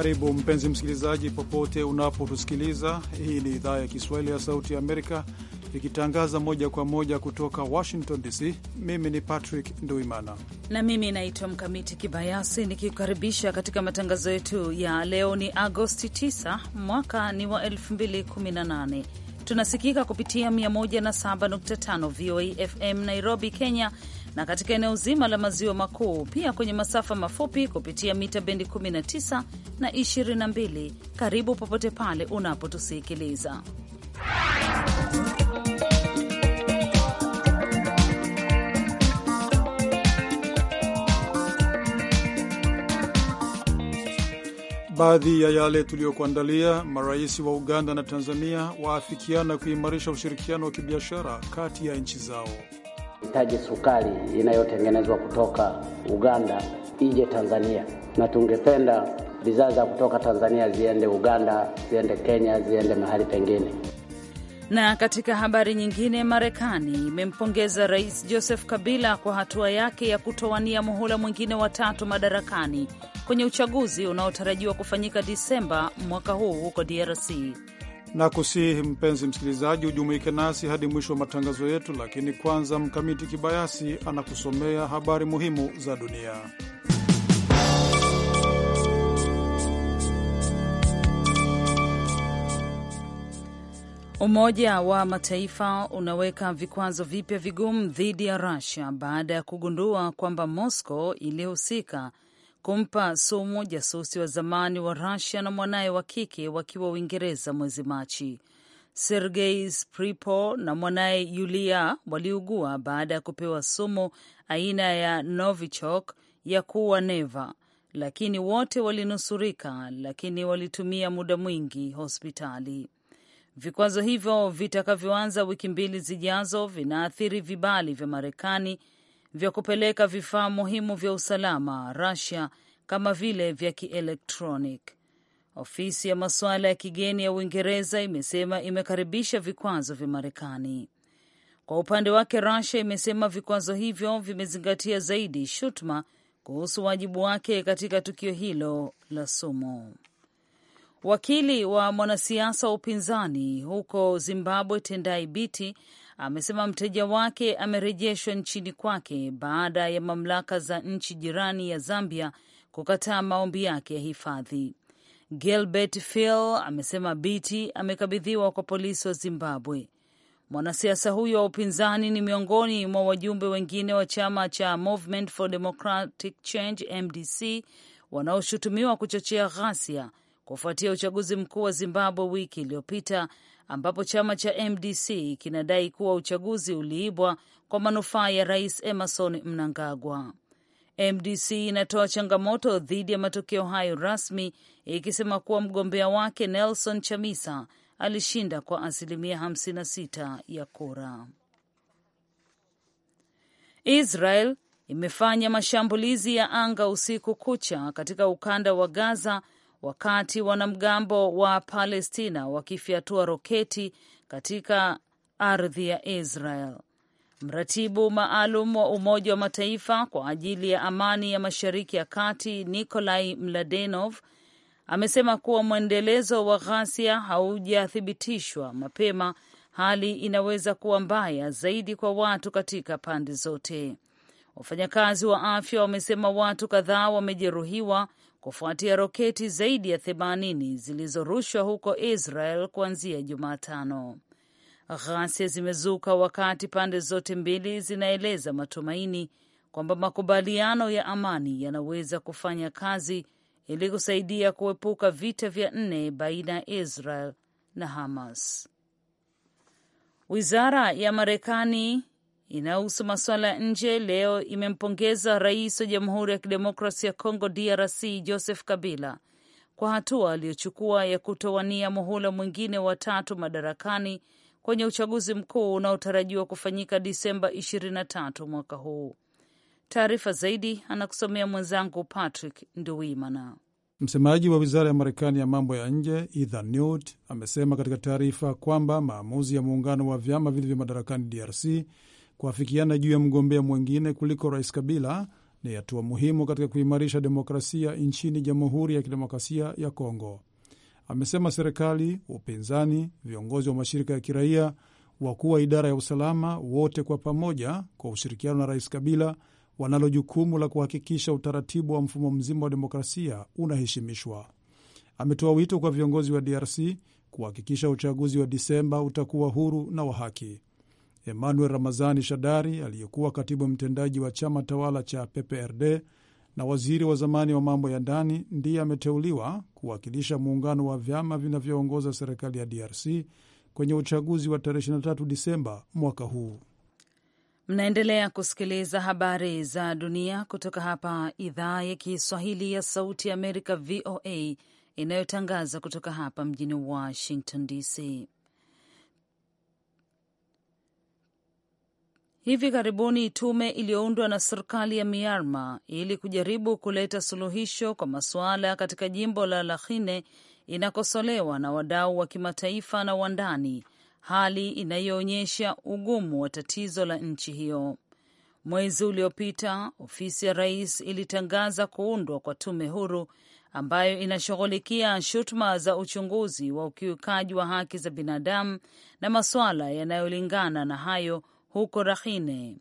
Karibu mpenzi msikilizaji, popote unapotusikiliza. Hii ni idhaa ya Kiswahili ya Sauti ya Amerika ikitangaza moja kwa moja kutoka Washington DC. Mimi ni Patrick Nduimana na mimi naitwa Mkamiti Kibayasi nikikukaribisha katika matangazo yetu ya leo. Ni Agosti 9 mwaka ni wa 2018. Tunasikika kupitia 107.5 VOA FM Nairobi, Kenya na katika eneo zima la maziwa makuu, pia kwenye masafa mafupi kupitia mita bendi 19 na 22. Karibu popote pale unapotusikiliza. Baadhi ya yale tuliyokuandalia: marais wa Uganda na Tanzania waafikiana kuimarisha ushirikiano wa kibiashara kati ya nchi zao hitaji sukari inayotengenezwa kutoka Uganda ije Tanzania, na tungependa bidhaa za kutoka Tanzania ziende Uganda, ziende Kenya, ziende mahali pengine. Na katika habari nyingine, Marekani imempongeza Rais Joseph Kabila kwa hatua yake ya kutowania muhula mwingine wa tatu madarakani kwenye uchaguzi unaotarajiwa kufanyika Disemba mwaka huu huko DRC na kusihi mpenzi msikilizaji ujumuike nasi hadi mwisho wa matangazo yetu, lakini kwanza Mkamiti Kibayasi anakusomea habari muhimu za dunia. Umoja wa Mataifa unaweka vikwazo vipya vigumu dhidi ya Russia baada ya kugundua kwamba Moscow ilihusika kumpa sumu jasusi wa zamani wa Rusia na mwanaye wa kike wakiwa Uingereza mwezi Machi. Sergei spripo na mwanaye Yulia waliugua baada ya kupewa sumu aina ya Novichok ya kuwa neva, lakini wote walinusurika, lakini walitumia muda mwingi hospitali. Vikwazo hivyo vitakavyoanza wiki mbili zijazo vinaathiri vibali vya Marekani vya kupeleka vifaa muhimu vya usalama Russia kama vile vya kielektronic. Ofisi ya masuala ya kigeni ya Uingereza imesema imekaribisha vikwazo vya Marekani. Kwa upande wake, Russia imesema vikwazo hivyo vimezingatia zaidi shutuma kuhusu wajibu wake katika tukio hilo la sumu. Wakili wa mwanasiasa wa upinzani huko Zimbabwe Tendai Biti amesema mteja wake amerejeshwa nchini kwake baada ya mamlaka za nchi jirani ya Zambia kukataa maombi yake ya hifadhi. Gilbert Phil amesema Biti amekabidhiwa kwa polisi wa Zimbabwe. Mwanasiasa huyo wa upinzani ni miongoni mwa wajumbe wengine wa chama cha Movement for Democratic Change MDC wanaoshutumiwa kuchochea ghasia kufuatia uchaguzi mkuu wa Zimbabwe wiki iliyopita ambapo chama cha MDC kinadai kuwa uchaguzi uliibwa kwa manufaa ya Rais Emerson Mnangagwa. MDC inatoa changamoto dhidi ya matokeo hayo rasmi, ikisema kuwa mgombea wake Nelson Chamisa alishinda kwa asilimia 56 ya kura. Israel imefanya mashambulizi ya anga usiku kucha katika ukanda wa Gaza wakati wanamgambo wa Palestina wakifyatua roketi katika ardhi ya Israel. Mratibu maalum wa Umoja wa Mataifa kwa ajili ya amani ya Mashariki ya Kati Nikolai Mladenov amesema kuwa mwendelezo wa ghasia haujathibitishwa mapema, hali inaweza kuwa mbaya zaidi kwa watu katika pande zote. Wafanyakazi wa afya wamesema watu kadhaa wamejeruhiwa kufuatia roketi zaidi ya themanini zilizorushwa huko Israel kuanzia Jumatano. Ghasia zimezuka wakati pande zote mbili zinaeleza matumaini kwamba makubaliano ya amani yanaweza kufanya kazi ili kusaidia kuepuka vita vya nne baina ya Israel na Hamas. Wizara ya Marekani inayohusu masuala ya nje leo imempongeza rais wa Jamhuri ya Kidemokrasi ya Kongo DRC Joseph Kabila kwa hatua aliyochukua ya kutowania muhula mwingine wa tatu madarakani kwenye uchaguzi mkuu unaotarajiwa kufanyika Disemba 23 mwaka huu. Taarifa zaidi anakusomea mwenzangu Patrick Nduwimana. Msemaji wa wizara ya Marekani ya mambo ya nje Ethan Newt amesema katika taarifa kwamba maamuzi ya muungano wa vyama vilivyo madarakani DRC Kuafikiana juu ya mgombea mwingine kuliko rais Kabila ni hatua muhimu katika kuimarisha demokrasia nchini Jamhuri ya Kidemokrasia ya Kongo, amesema. Serikali, upinzani, viongozi wa mashirika ya kiraia, wakuu wa idara ya usalama, wote kwa pamoja, kwa ushirikiano na rais Kabila, wanalo jukumu la kuhakikisha utaratibu wa mfumo mzima wa demokrasia unaheshimishwa. Ametoa wito kwa viongozi wa DRC kuhakikisha uchaguzi wa Disemba utakuwa huru na wa haki. Emmanuel Ramazani Shadari aliyekuwa katibu mtendaji wa chama tawala cha PPRD na waziri wa zamani wa mambo ya ndani ndiye ameteuliwa kuwakilisha muungano wa vyama vinavyoongoza serikali ya DRC kwenye uchaguzi wa tarehe 23 Disemba mwaka huu. Mnaendelea kusikiliza habari za dunia kutoka hapa idhaa ya Kiswahili ya Sauti ya Amerika, VOA, inayotangaza kutoka hapa mjini Washington DC. Hivi karibuni tume iliyoundwa na serikali ya Myanmar ili kujaribu kuleta suluhisho kwa masuala katika jimbo la Rakhine inakosolewa na wadau wa kimataifa na wa ndani, hali inayoonyesha ugumu wa tatizo la nchi hiyo. Mwezi uliopita ofisi ya rais ilitangaza kuundwa kwa tume huru ambayo inashughulikia shutuma za uchunguzi wa ukiukaji wa haki za binadamu na masuala yanayolingana na hayo huko Rakhine.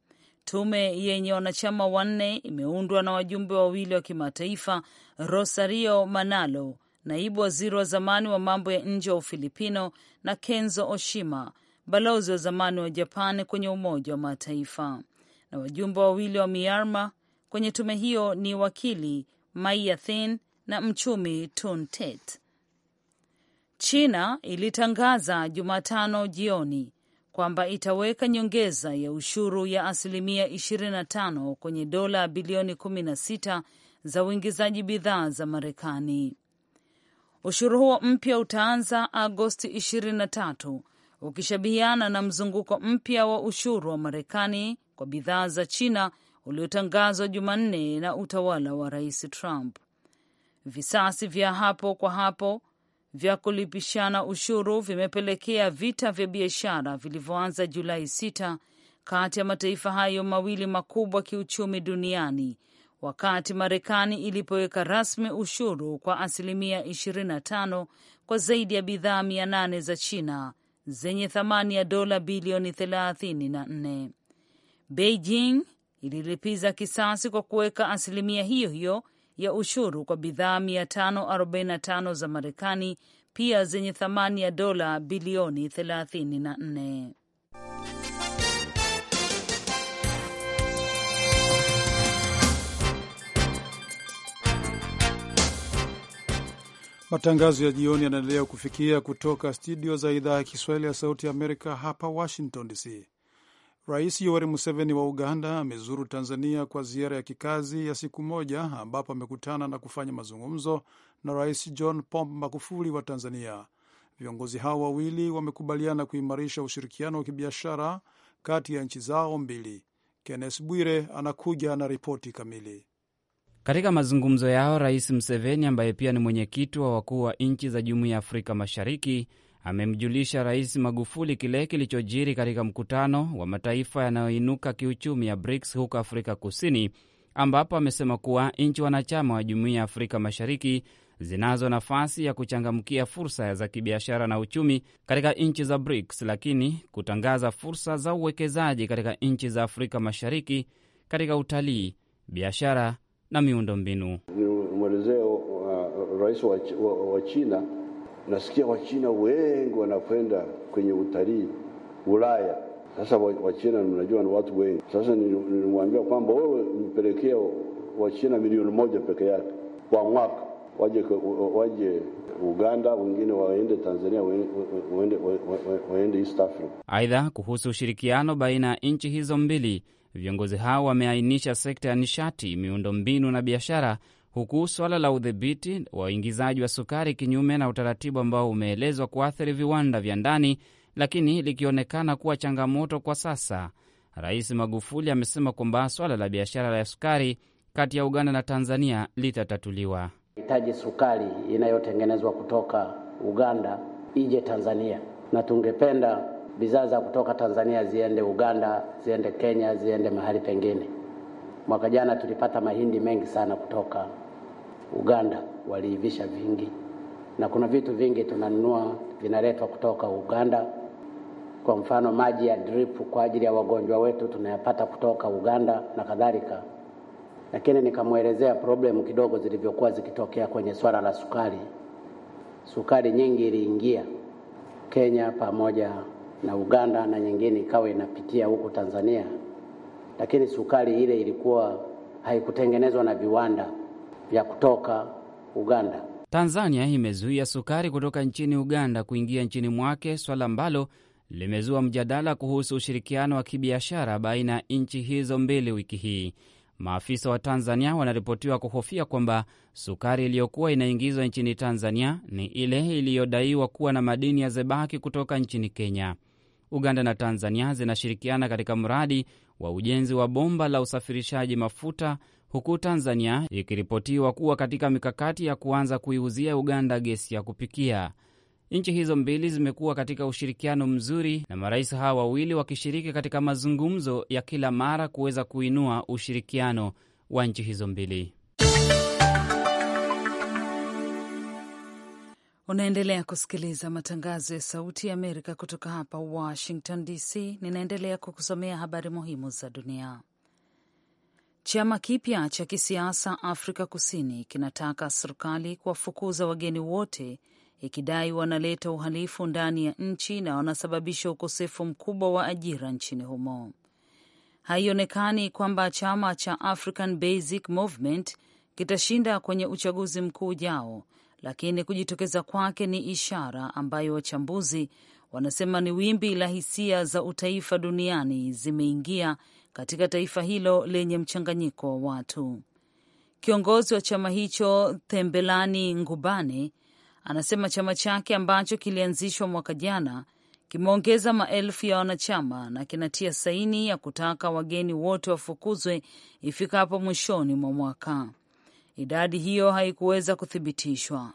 Tume yenye wanachama wanne imeundwa na wajumbe wawili wa kimataifa, Rosario Manalo, naibu waziri wa zamani wa mambo ya nje wa Ufilipino, na Kenzo Oshima, balozi wa zamani wa Japan kwenye Umoja wa Mataifa. Na wajumbe wawili wa Myanmar kwenye tume hiyo ni wakili Maia Thin na mchumi Tun Tet. China ilitangaza Jumatano jioni kwamba itaweka nyongeza ya ushuru ya asilimia 25 kwenye dola bilioni 16 za uingizaji bidhaa za Marekani. Ushuru huo mpya utaanza Agosti 23 ukishabihiana na mzunguko mpya wa ushuru wa Marekani kwa bidhaa za China uliotangazwa Jumanne na utawala wa Rais Trump. Visasi vya hapo kwa hapo vya kulipishana ushuru vimepelekea vita vya biashara vilivyoanza Julai 6 kati ya mataifa hayo mawili makubwa kiuchumi duniani wakati Marekani ilipoweka rasmi ushuru kwa asilimia 25 kwa zaidi ya bidhaa 800 za China zenye thamani ya dola bilioni 34. Beijing ililipiza kisasi kwa kuweka asilimia hiyo hiyo ya ushuru kwa bidhaa 545 za Marekani, pia zenye thamani ya dola bilioni 34. Matangazo ya jioni yanaendelea kufikia kutoka studio za idhaa ya Kiswahili ya Sauti ya Amerika hapa Washington DC. Rais Yoweri Museveni wa Uganda amezuru Tanzania kwa ziara ya kikazi ya siku moja ambapo amekutana na kufanya mazungumzo na Rais John Pombe Magufuli wa Tanzania. Viongozi hao wawili wamekubaliana kuimarisha ushirikiano wa kibiashara kati ya nchi zao mbili. Kennes Bwire anakuja na ripoti kamili. Katika mazungumzo yao, Rais Mseveni ambaye pia ni mwenyekiti wa wakuu wa nchi za Jumuiya ya Afrika Mashariki amemjulisha Rais Magufuli kile kilichojiri katika mkutano wa mataifa yanayoinuka kiuchumi ya BRICS huko Afrika Kusini, ambapo amesema kuwa nchi wanachama wa Jumuiya ya Afrika Mashariki zinazo nafasi ya kuchangamkia fursa za kibiashara na uchumi katika nchi za BRICS, lakini kutangaza fursa za uwekezaji katika nchi za Afrika Mashariki katika utalii, biashara na miundombinu. Nimwelezea uh, rais wa, wa, wa China Nasikia Wachina wengi wanakwenda kwenye utalii Ulaya. Sasa Wachina mnajua ni watu wengi. Sasa nilimwambia kwamba wewe mpelekea Wachina milioni moja peke yake kwa mwaka, waje waje Uganda, wengine waende Tanzania, waende, waende East Africa. Aidha, kuhusu ushirikiano baina ya nchi hizo mbili, viongozi hao wameainisha sekta ya nishati, miundo mbinu na biashara huku swala la udhibiti wa uingizaji wa sukari kinyume na utaratibu ambao umeelezwa kuathiri viwanda vya ndani, lakini likionekana kuwa changamoto kwa sasa. Rais Magufuli amesema kwamba swala la biashara ya sukari kati ya Uganda na Tanzania litatatuliwa. Hitaji sukari inayotengenezwa kutoka Uganda ije Tanzania, na tungependa bidhaa za kutoka Tanzania ziende Uganda, ziende Kenya, ziende mahali pengine. Mwaka jana tulipata mahindi mengi sana kutoka Uganda waliivisha vingi, na kuna vitu vingi tunanunua vinaletwa kutoka Uganda. Kwa mfano maji ya drip kwa ajili ya wagonjwa wetu tunayapata kutoka Uganda na kadhalika. Lakini nikamwelezea problem kidogo zilivyokuwa zikitokea kwenye swala la sukari. Sukari nyingi iliingia Kenya pamoja na Uganda na nyingine ikawa inapitia huku Tanzania, lakini sukari ile ilikuwa haikutengenezwa na viwanda, ya kutoka Uganda. Tanzania imezuia sukari kutoka nchini Uganda kuingia nchini mwake, swala ambalo limezua mjadala kuhusu ushirikiano wa kibiashara baina ya nchi hizo mbili wiki hii. Maafisa wa Tanzania wanaripotiwa kuhofia kwamba sukari iliyokuwa inaingizwa nchini Tanzania ni ile iliyodaiwa kuwa na madini ya zebaki kutoka nchini Kenya. Uganda na Tanzania zinashirikiana katika mradi wa ujenzi wa bomba la usafirishaji mafuta huku Tanzania ikiripotiwa kuwa katika mikakati ya kuanza kuiuzia Uganda gesi ya kupikia. Nchi hizo mbili zimekuwa katika ushirikiano mzuri na marais hawa wawili wakishiriki katika mazungumzo ya kila mara kuweza kuinua ushirikiano wa nchi hizo mbili. Unaendelea kusikiliza matangazo ya Sauti ya Amerika kutoka hapa Washington DC. Ninaendelea kukusomea habari muhimu za dunia. Chama kipya cha kisiasa Afrika Kusini kinataka serikali kuwafukuza wageni wote ikidai wanaleta uhalifu ndani ya nchi na wanasababisha ukosefu mkubwa wa ajira nchini humo. Haionekani kwamba chama cha African Basic Movement kitashinda kwenye uchaguzi mkuu ujao, lakini kujitokeza kwake ni ishara ambayo wachambuzi wanasema ni wimbi la hisia za utaifa duniani zimeingia katika taifa hilo lenye mchanganyiko wa watu. Kiongozi wa chama hicho Thembelani Ngubane anasema chama chake ambacho kilianzishwa mwaka jana kimeongeza maelfu ya wanachama na kinatia saini ya kutaka wageni wote wafukuzwe ifikapo mwishoni mwa mwaka. Idadi hiyo haikuweza kuthibitishwa.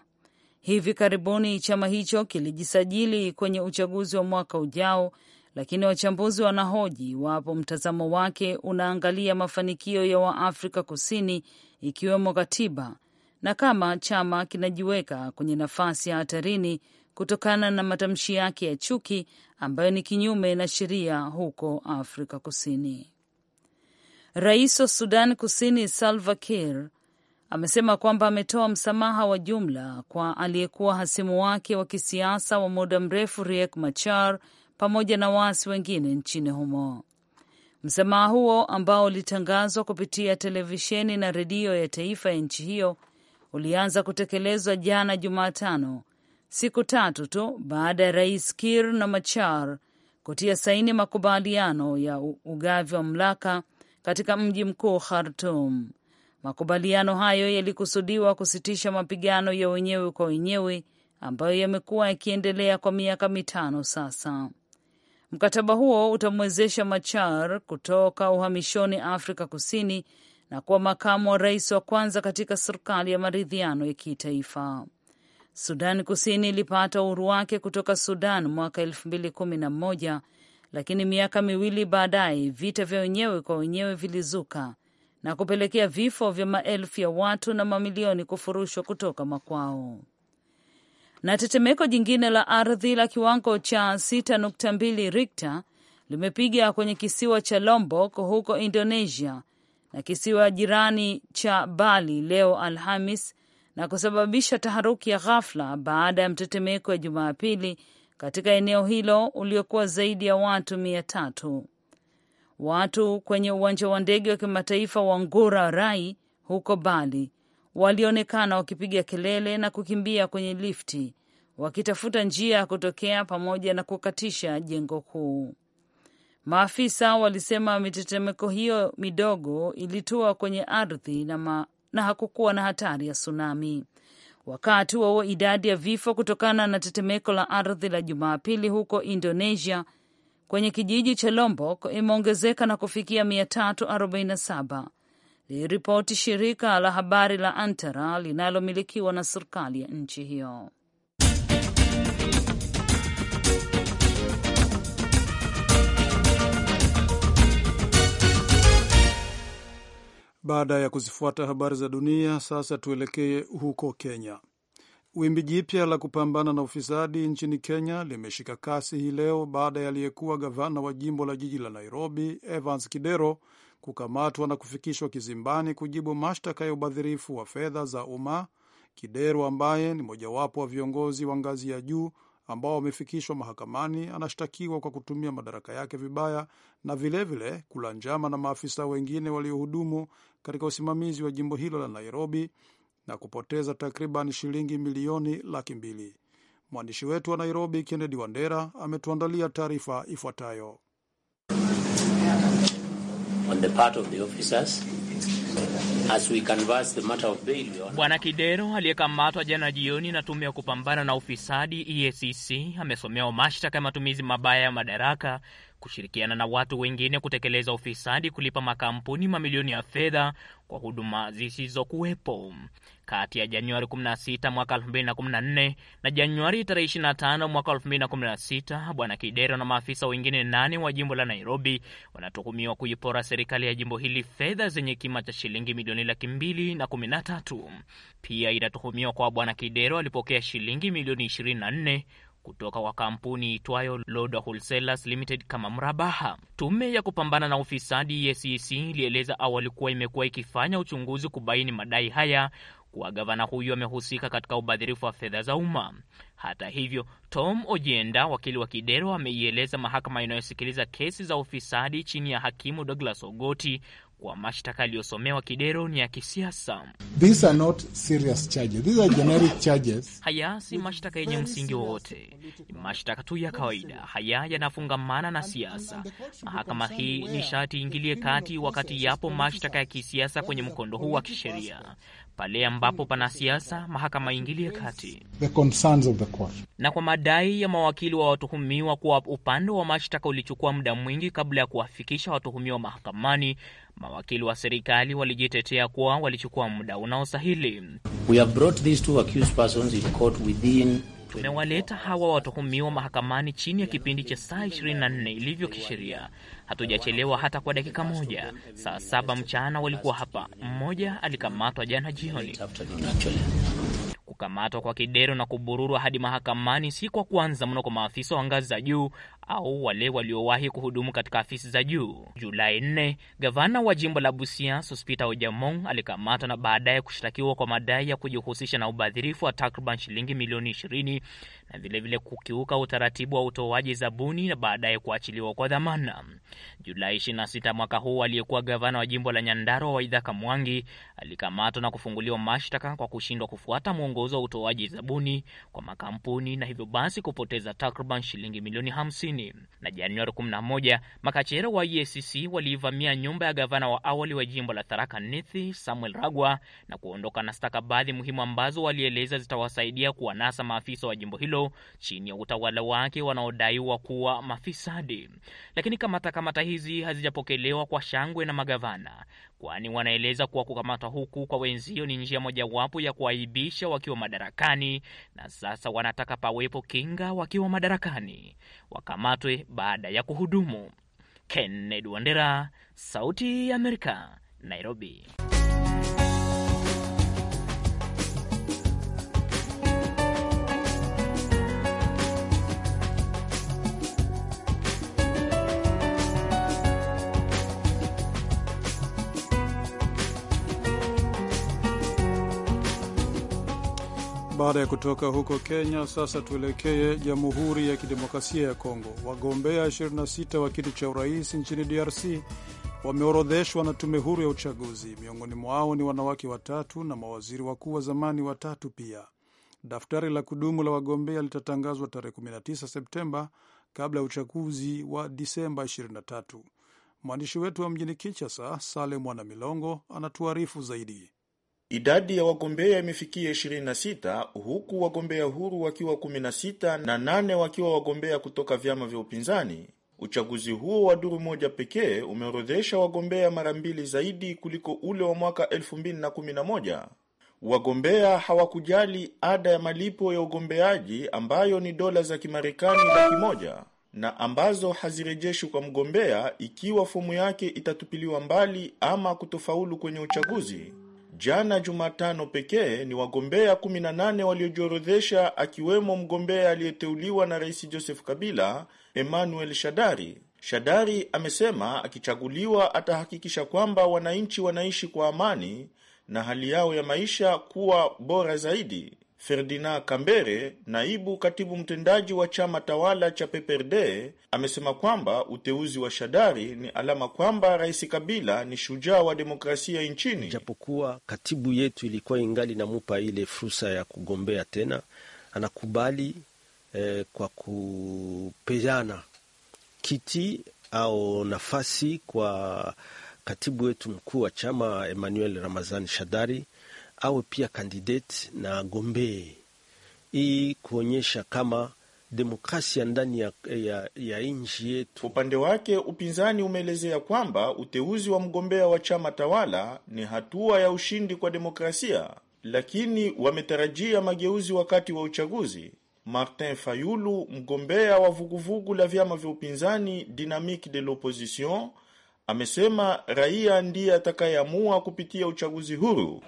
Hivi karibuni chama hicho kilijisajili kwenye uchaguzi wa mwaka ujao lakini wachambuzi wanahoji iwapo mtazamo wake unaangalia mafanikio ya Waafrika Kusini, ikiwemo katiba na kama chama kinajiweka kwenye nafasi ya hatarini kutokana na matamshi yake ya chuki ambayo ni kinyume na sheria huko Afrika Kusini. Rais wa Sudan Kusini Salva Kiir amesema kwamba ametoa msamaha wa jumla kwa aliyekuwa hasimu wake wa kisiasa wa muda mrefu Riek Machar pamoja na waasi wengine nchini humo. Msamaha huo ambao ulitangazwa kupitia televisheni na redio ya taifa ya nchi hiyo ulianza kutekelezwa jana Jumatano, siku tatu tu baada ya rais Kir na Machar kutia saini makubaliano ya ugavi wa mamlaka katika mji mkuu Khartum. Makubaliano hayo yalikusudiwa kusitisha mapigano ya wenyewe kwa wenyewe ambayo yamekuwa yakiendelea kwa miaka mitano sasa. Mkataba huo utamwezesha Machar kutoka uhamishoni Afrika Kusini na kuwa makamu wa rais wa kwanza katika serikali ya maridhiano ya kitaifa. Sudan Kusini ilipata uhuru wake kutoka Sudan mwaka elfu mbili kumi na moja, lakini miaka miwili baadaye vita vya wenyewe kwa wenyewe vilizuka na kupelekea vifo vya maelfu ya watu na mamilioni kufurushwa kutoka makwao. Na tetemeko jingine la ardhi la kiwango cha 6.2 rikta limepiga kwenye kisiwa cha Lombok huko Indonesia na kisiwa jirani cha Bali leo Alhamis na kusababisha taharuki ya ghafla baada ya mtetemeko ya Jumapili katika eneo hilo uliokuwa zaidi ya watu mia tatu. Watu kwenye uwanja wa ndege wa kimataifa wa Ngurah Rai huko Bali walionekana wakipiga kelele na kukimbia kwenye lifti wakitafuta njia ya kutokea pamoja na kukatisha jengo kuu. Maafisa walisema mitetemeko hiyo midogo ilitua kwenye ardhi na, ma, na hakukuwa na hatari ya tsunami. Wakati wa huo idadi ya vifo kutokana na tetemeko la ardhi la Jumapili huko Indonesia kwenye kijiji cha Lombok imeongezeka na kufikia 347 liliripoti shirika la habari la Antara linalomilikiwa na serikali ya nchi hiyo. Baada ya kuzifuata habari za dunia, sasa tuelekee huko Kenya. Wimbi jipya la kupambana na ufisadi nchini Kenya limeshika kasi hii leo baada ya aliyekuwa gavana wa jimbo la jiji la Nairobi, Evans Kidero, kukamatwa na kufikishwa kizimbani kujibu mashtaka ya ubadhirifu wa fedha za umma. kideru ambaye ni mojawapo wa viongozi wa ngazi ya juu ambao wamefikishwa mahakamani anashtakiwa kwa kutumia madaraka yake vibaya na vilevile kula njama na maafisa wengine waliohudumu katika usimamizi wa jimbo hilo la Nairobi na kupoteza takriban shilingi milioni laki mbili. Mwandishi wetu wa Nairobi Kennedy Wandera ametuandalia taarifa ifuatayo. Bwana Kidero aliyekamatwa jana jioni na tume ya kupambana na ufisadi EACC amesomewa mashtaka ya matumizi mabaya ya madaraka kushirikiana na watu wengine kutekeleza ufisadi, kulipa makampuni mamilioni ya fedha kwa huduma zisizokuwepo. Kati ya Januari 16 mwaka 2014 na Januari 25 mwaka 2016, Bwana Kidero na maafisa wengine nane wa jimbo la Nairobi wanatuhumiwa kuipora serikali ya jimbo hili fedha zenye kima cha shilingi milioni laki mbili na kumi na tatu. Pia inatuhumiwa kwa Bwana Kidero alipokea shilingi milioni 24 kutoka kwa kampuni itwayo Loda Wholesalers Limited kama Mrabaha. Tume ya kupambana na ufisadi SEC ilieleza awali kuwa imekuwa ikifanya uchunguzi kubaini madai haya kuwa gavana huyu amehusika katika ubadhirifu wa fedha za umma. Hata hivyo, Tom Ojienda, wakili wa Kidero, ameieleza mahakama inayosikiliza kesi za ufisadi chini ya hakimu Douglas Ogoti kwa mashtaka yaliyosomewa Kidero ni ya kisiasa. These are not serious charges. These are generic charges. Haya si mashtaka yenye msingi wowote, ni mashtaka tu ya kawaida. Haya yanafungamana na siasa. Mahakama hii ni sharti ingilie kati wakati yapo mashtaka ya kisiasa kwenye mkondo huu wa kisheria pale ambapo pana siasa, mahakama ingilie kati the concerns of the court. Na kwa madai ya mawakili wa watuhumiwa kuwa upande wa mashtaka ulichukua muda mwingi kabla ya kuwafikisha watuhumiwa mahakamani, mawakili wa serikali walijitetea kuwa walichukua muda unaostahili. We have brought these two accused persons in court within Tumewaleta hawa watuhumiwa mahakamani chini ya kipindi cha saa 24 ilivyo kisheria. Hatujachelewa hata kwa dakika moja. Saa saba mchana walikuwa hapa, mmoja alikamatwa jana jioni. Kukamatwa kwa Kidero na kubururwa hadi mahakamani si kwa kwanza mno kwa maafisa wa ngazi za juu au wale waliowahi kuhudumu katika afisi za juu. Julai 4, gavana wa jimbo la Busia Sospita Ojamong alikamatwa na baadaye kushtakiwa kwa madai ya kujihusisha na ubadhirifu wa takriban shilingi milioni 20 na vilevile kukiuka utaratibu wa utoaji zabuni na baadaye kuachiliwa kwa dhamana. Julai 26 mwaka huu, aliyekuwa gavana wa jimbo la Nyandarua waidha Mwangi alikamatwa na kufunguliwa mashtaka kwa kushindwa kufuata mwongozo wa utoaji zabuni kwa makampuni na hivyo basi kupoteza takriban shilingi milioni 50. Kusini. Na Januari 11 makachero wa EACC waliivamia nyumba ya gavana wa awali wa jimbo la Tharaka Nithi Samuel Ragwa na kuondoka na stakabadhi muhimu ambazo walieleza zitawasaidia kuwanasa maafisa wa jimbo hilo chini ya utawala wake wanaodaiwa kuwa mafisadi. Lakini kamatakamata kamata hizi hazijapokelewa kwa shangwe na magavana kwani wanaeleza kuwa kukamatwa huku kwa wenzio ni njia mojawapo ya kuwaibisha wakiwa madarakani, na sasa wanataka pawepo kinga wakiwa madarakani, wakamatwe baada ya kuhudumu. Kennedy Wandera, Sauti ya Amerika, Nairobi. Baada ya kutoka huko Kenya, sasa tuelekee Jamhuri ya Kidemokrasia ya Kongo. Wagombea 26 wa kiti cha urais nchini DRC wameorodheshwa na tume huru ya uchaguzi. Miongoni mwao ni wanawake watatu na mawaziri wakuu wa zamani watatu pia. Daftari la kudumu la wagombea litatangazwa tarehe 19 Septemba kabla ya uchaguzi wa Disemba 23. Mwandishi wetu wa mjini Kinshasa, Sale Mwana Milongo, anatuarifu zaidi. Idadi ya wagombea imefikia 26 huku wagombea huru wakiwa 16 na nane wakiwa wagombea kutoka vyama vya upinzani. Uchaguzi huo wa duru moja pekee umeorodhesha wagombea mara mbili zaidi kuliko ule wa mwaka 2011. Wagombea hawakujali ada ya malipo ya ugombeaji ambayo ni dola za Kimarekani laki moja na ambazo hazirejeshwi kwa mgombea ikiwa fomu yake itatupiliwa mbali ama kutofaulu kwenye uchaguzi. Jana Jumatano pekee ni wagombea 18 waliojiorodhesha, akiwemo mgombea aliyeteuliwa na Rais Joseph Kabila, Emmanuel Shadari. Shadari amesema akichaguliwa atahakikisha kwamba wananchi wanaishi kwa amani na hali yao ya maisha kuwa bora zaidi. Ferdinand Kambere, naibu katibu mtendaji wa chama tawala cha PPRD, amesema kwamba uteuzi wa Shadari ni alama kwamba Rais Kabila ni shujaa wa demokrasia nchini. Japokuwa katibu yetu ilikuwa ingali inamupa ile fursa ya kugombea tena, anakubali eh, kwa kupeana kiti au nafasi kwa katibu wetu mkuu wa chama Emmanuel Ramazani Shadari awe pia kandidate na agombee, hii kuonyesha kama demokrasia ndani ya, ya, ya nchi yetu. Upande wake upinzani umeelezea kwamba uteuzi wa mgombea wa chama tawala ni hatua ya ushindi kwa demokrasia, lakini wametarajia mageuzi wakati wa uchaguzi. Martin Fayulu, mgombea wa vuguvugu la vyama vya upinzani Dynamique de l'Opposition, amesema raia ndiye atakayeamua kupitia uchaguzi huru.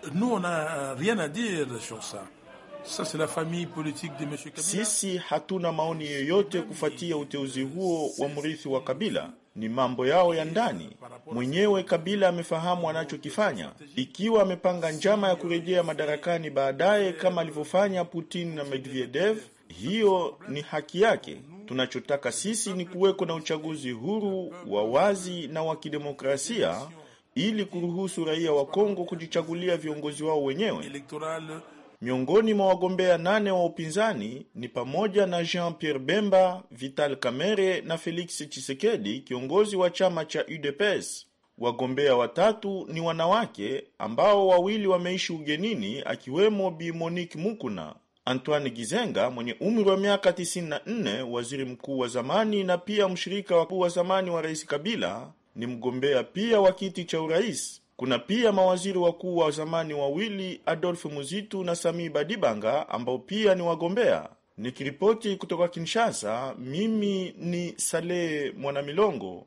Sisi hatuna maoni yoyote kufuatia uteuzi huo wa mrithi wa Kabila, ni mambo yao ya ndani. Mwenyewe Kabila amefahamu anachokifanya. Ikiwa amepanga njama ya kurejea madarakani baadaye kama alivyofanya Putin na Medvedev, hiyo ni haki yake, Tunachotaka sisi ni kuweko na uchaguzi huru wa wazi na wa kidemokrasia ili kuruhusu raia wa Kongo kujichagulia viongozi wao wenyewe. Miongoni mwa wagombea nane wa upinzani ni pamoja na Jean-Pierre Bemba, Vital Kamerhe na Felix Tshisekedi, kiongozi wa chama cha UDPS. Wagombea watatu ni wanawake ambao wawili wameishi ugenini, akiwemo Bi Monique Mukuna Antoine Gizenga mwenye umri wa miaka 94, waziri mkuu wa zamani na pia mshirika wakuu wa zamani wa Rais Kabila, ni mgombea pia wa kiti cha urais. Kuna pia mawaziri wakuu wa zamani wawili Adolf Muzitu na Sami Badibanga ambao pia ni wagombea. Nikiripoti kutoka Kinshasa, mimi ni Saleh Mwanamilongo.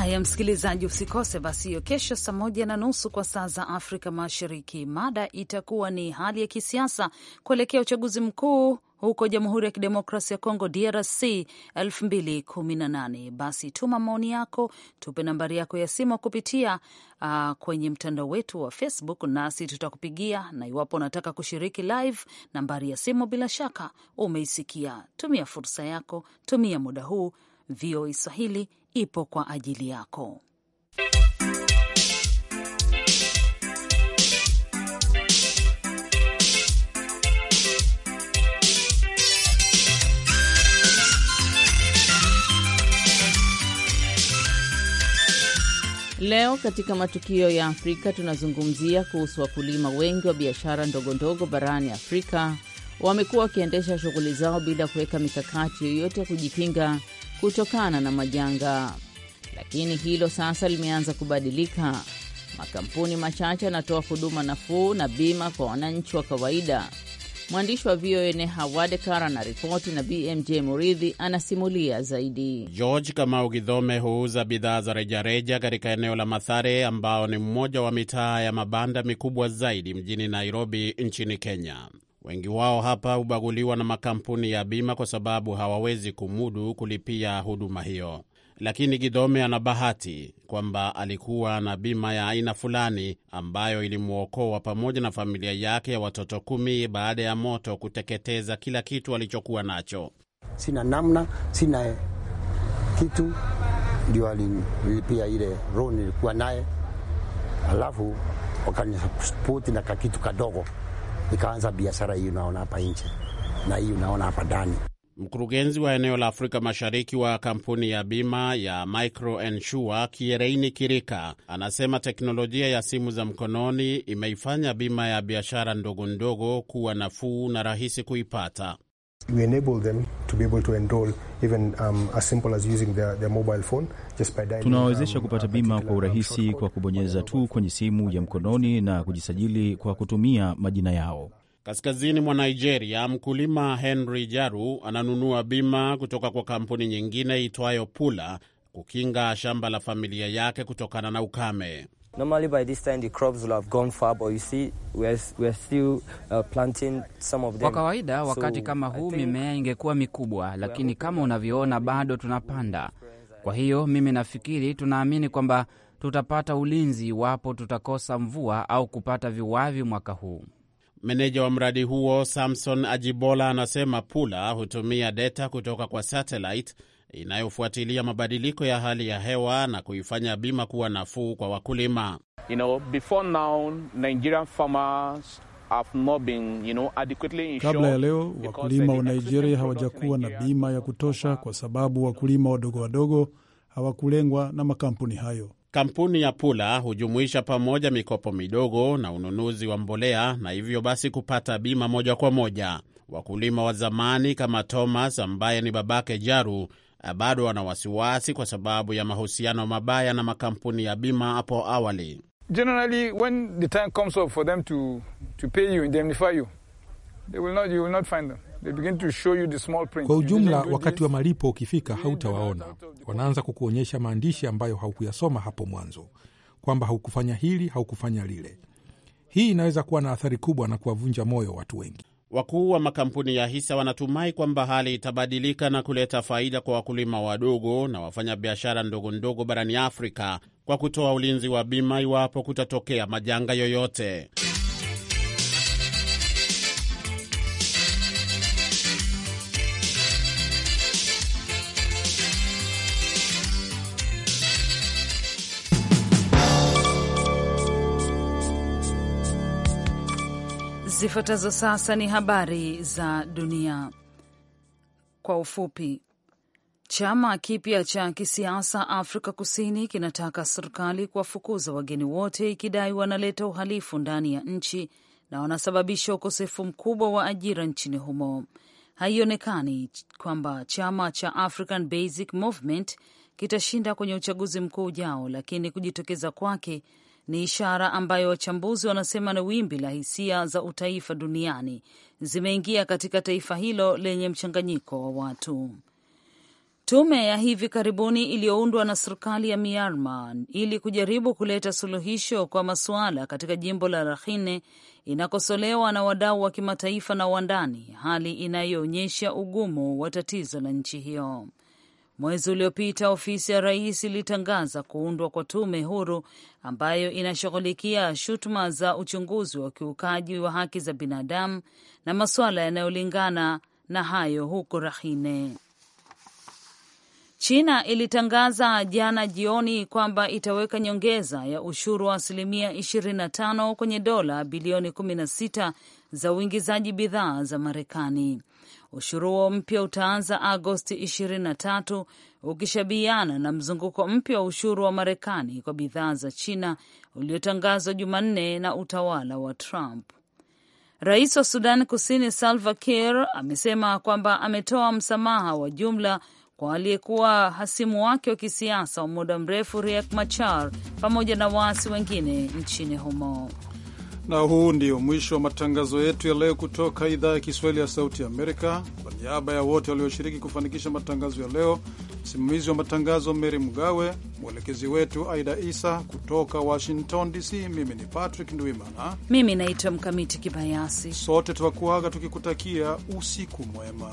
Haya msikilizaji, usikose basi hiyo kesho saa moja na nusu kwa saa za Afrika Mashariki. Mada itakuwa ni hali ya kisiasa kuelekea uchaguzi mkuu huko Jamhuri ya Kidemokrasia ya Kongo, DRC 2018. Basi tuma maoni yako, tupe nambari yako ya simu kupitia uh, kwenye mtandao wetu wa Facebook, nasi tutakupigia. Na iwapo unataka kushiriki live, nambari ya simu bila shaka umeisikia. Tumia fursa yako, tumia muda huu VOA Swahili ipo kwa ajili yako. Leo katika matukio ya Afrika tunazungumzia kuhusu wakulima wengi wa biashara ndogondogo barani Afrika wamekuwa wakiendesha shughuli zao bila kuweka mikakati yoyote ya kujikinga kutokana na majanga, lakini hilo sasa limeanza kubadilika. Makampuni machache yanatoa huduma nafuu na bima kwa wananchi wa kawaida. Mwandishi wa VOA Neha Wadekar ripoti na BMJ Muridhi anasimulia zaidi. George Kamau Gidhome huuza bidhaa za rejareja katika eneo la Mathare, ambao ni mmoja wa mitaa ya mabanda mikubwa zaidi mjini Nairobi nchini Kenya. Wengi wao hapa hubaguliwa na makampuni ya bima kwa sababu hawawezi kumudu kulipia huduma hiyo. Lakini Gidhome ana bahati kwamba alikuwa na bima ya aina fulani ambayo ilimwokoa pamoja na familia yake ya watoto kumi baada ya moto kuteketeza kila kitu alichokuwa nacho. Sina namna, sina kitu, ndio alilipia ile loan nilikuwa naye, alafu wakanisapoti na kakitu kadogo nikaanza biashara hii unaona hapa nje na hii unaona hapa ndani. Mkurugenzi wa eneo la Afrika Mashariki wa kampuni ya bima ya Micro Ensure Kiereini Kirika anasema teknolojia ya simu za mkononi imeifanya bima ya biashara ndogo ndogo kuwa nafuu na rahisi kuipata we enable them to be able to enroll even um, as simple as using their, their mobile phone just by dialing. Tunawawezesha um, kupata bima kwa urahisi kwa kubonyeza tu kwenye simu ya mkononi na kujisajili kwa kutumia majina yao. Kaskazini mwa Nigeria, mkulima Henry Jaru ananunua bima kutoka kwa kampuni nyingine itwayo Pula kukinga shamba la familia yake kutokana na ukame. Normally by this time the crops will have gone far, but you see we are, we are still uh, planting some of them. Kwa kawaida wakati kama huu mimea ingekuwa mikubwa, lakini kama unavyoona bado tunapanda. Kwa hiyo mimi nafikiri tunaamini kwamba tutapata ulinzi iwapo tutakosa mvua au kupata viwavi mwaka huu. Meneja wa mradi huo Samson Ajibola anasema Pula hutumia deta kutoka kwa satellite inayofuatilia mabadiliko ya hali ya hewa na kuifanya bima kuwa nafuu kwa wakulima. You know, Been, you know, kabla ya leo wakulima wa Nigeria hawajakuwa na bima ya kutosha kwa sababu wakulima wadogo wadogo hawakulengwa na makampuni hayo. Kampuni ya Pula hujumuisha pamoja mikopo midogo na ununuzi wa mbolea na hivyo basi kupata bima moja kwa moja. Wakulima wa zamani kama Thomas ambaye ni babake Jaru Eh, bado wana wasiwasi kwa sababu ya mahusiano mabaya na makampuni ya bima hapo awali. Generally, when the time comes up for them to, to pay you, indemnify you, they will not, you will not find them. They begin to show you the small print. Kwa ujumla, wakati wa malipo ukifika, hautawaona. Wanaanza kukuonyesha maandishi ambayo haukuyasoma hapo mwanzo, kwamba haukufanya hili, haukufanya lile. Hii inaweza kuwa na athari kubwa na kuwavunja moyo watu wengi. Wakuu wa makampuni ya hisa wanatumai kwamba hali itabadilika na kuleta faida kwa wakulima wadogo na wafanyabiashara ndogo ndogo barani Afrika kwa kutoa ulinzi wa bima iwapo kutatokea majanga yoyote. Zifuatazo sasa ni habari za dunia kwa ufupi. Chama kipya cha kisiasa Afrika Kusini kinataka serikali kuwafukuza wageni wote ikidai wanaleta uhalifu ndani ya nchi na wanasababisha ukosefu mkubwa wa ajira nchini humo. Haionekani kwamba chama cha African Basic Movement kitashinda kwenye uchaguzi mkuu ujao, lakini kujitokeza kwake ni ishara ambayo wachambuzi wanasema ni wimbi la hisia za utaifa duniani zimeingia katika taifa hilo lenye mchanganyiko wa watu. Tume ya hivi karibuni iliyoundwa na serikali ya Myanmar ili kujaribu kuleta suluhisho kwa masuala katika jimbo la Rakhine inakosolewa na wadau wa kimataifa na wa ndani, hali inayoonyesha ugumu wa tatizo la nchi hiyo. Mwezi uliopita ofisi ya rais ilitangaza kuundwa kwa tume huru ambayo inashughulikia shutuma za uchunguzi wa ukiukaji wa haki za binadamu na masuala yanayolingana na hayo huko Rakhine. China ilitangaza jana jioni kwamba itaweka nyongeza ya ushuru wa asilimia 25 kwenye dola bilioni 16 za uingizaji bidhaa za Marekani. Ushuru huo mpya utaanza Agosti 23 ukishabiana na mzunguko mpya wa ushuru wa Marekani kwa bidhaa za China uliotangazwa Jumanne na utawala wa Trump. Rais wa Sudan Kusini Salva Kiir amesema kwamba ametoa msamaha wa jumla kwa aliyekuwa hasimu wake wa kisiasa wa muda mrefu Riek Machar pamoja na waasi wengine nchini humo. Na huu ndio mwisho wa matangazo yetu ya leo kutoka idhaa ya Kiswahili ya Sauti Amerika. Kwa niaba ya wote walioshiriki kufanikisha matangazo ya leo, msimamizi wa matangazo mary Mgawe, mwelekezi wetu Aida Isa kutoka Washington DC. Mimi ni Patrick Ndwimana, mimi naitwa Mkamiti Kibayasi. Sote twakuaga tukikutakia usiku mwema.